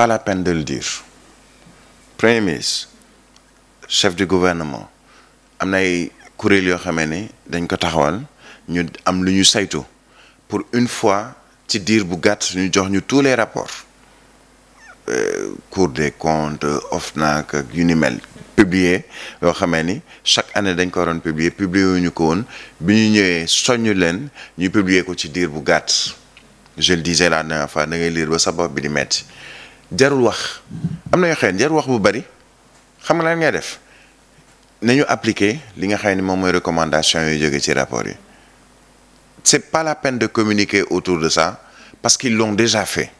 pas la de le dire premier ministre chef du gouvernement am na ay kuréel yoo xamee ne dañ ko taxawal ñu am lu ñu saytu pour une fois ci diir bu gàtt ñu jox ñu tous les rapports euh, Cour des comptes OFNAC yu ni mel publier yoo xamee ni chaque année dañ ko waroon publier publier wuñu ko woon bi ñu ñëwee soññ leen ñu publier ko ci diir bu gàtt je le disais la na fois da ngay liir ba sa bopp bi di metti jarul wax am na yoo xam jarul wax bu bari xam nga lan ngay def nañu appliquer li nga xam ne moom mooy recommandation yooyu jóge ci rapport yi c'est pas la peine de communiquer autour de ça parce qu'ils long déjà fait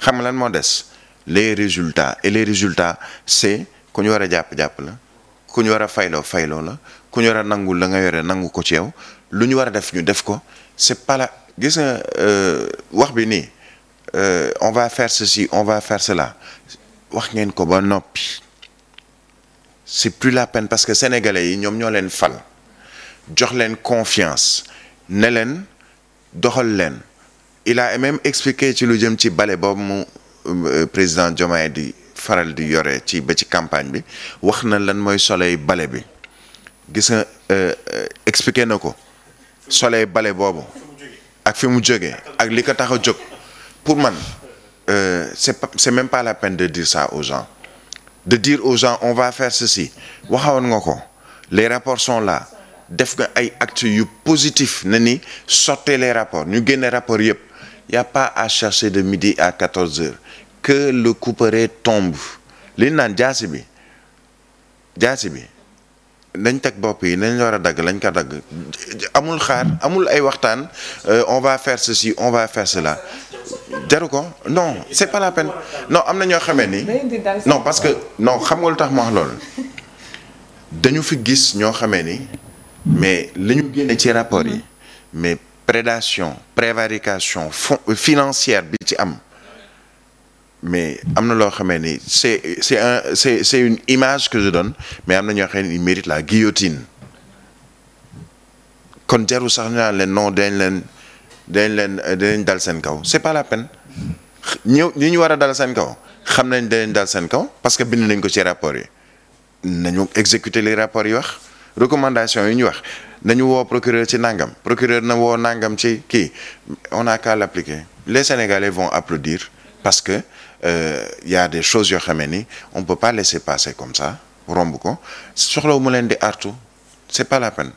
xam nga lan moo des les résultats et les résultats c'est ku ñu war a jàpp-jàpp la ku ñu war a fayloo fayloo la ku ñu war a nangul la nga yore nangu ko ci yow lu ñu war a def ñu def ko c'est pas gis nga euh, wax bi nii Euh, on va faire ceci on va faire wax ngeen ko ba noppi c'est plus la peine parce que sénégalais yi ñoom ñoo leen fal jox leen confiance ne leen doxal leen il a même expliqué ci lu jëm ci bale boobu mu euh, président Diomaye di faral di yore ci ba ci campagne bi wax na lan mooy soleil bale bi gis nga euh, expliqué na ko soleil bale boobu ak fi mu jóge ak li ko tax a jóg pour man euh, c'est pas c'est même pas la peine de dire ça aux gens de dire aux gens on va faire ceci waxawoon nga ko les rapport sont là def nga ay actes yu positif na ni sortez les rapports ñu génne rapport yëpp y a pas à chercher de midi à 14 heures que le couperet tombe li naan jaasi bi jaasi bi nañ teg bopp yi nañ war a dagg lañ ko dagg amul xaar amul ay waxtaan euh, on va faire ceci on va faire cela jaru ko non c'est pas la peine non am na ñoo xamee ni non parce que non xam nga lu tax ma wax loolu dañu fi gis ñoo xamee ni mais li ñu génne ci rapport yi mais prédation prévarication financière bi ci am mais am na loo xamee ni c'est c'est un c'est c'est une image que je donne mais am na ñoo xamee ni mérite la guillotine kon jaru sax ñu naan leen non dañ leen dañ leen dañ dal seen kaw c'est pas la peine ñëw ñi ñu war a dal seen kaw xam nañ da leen dal seen kaw parce que bind nañ ko ci rapport yi nañu exécuter les rapport yi wax recommandation yi ñu wax nañu woo procureur ci nangam procureur na woo nangam ci kii on a qu'à l'appliquer les Sénégalais vont applaudir parce que euh, y a des choses yoo xamee ni on peut pas laisser passer comme ça romb ko soxlawu mu leen di artu c'est pas la peine.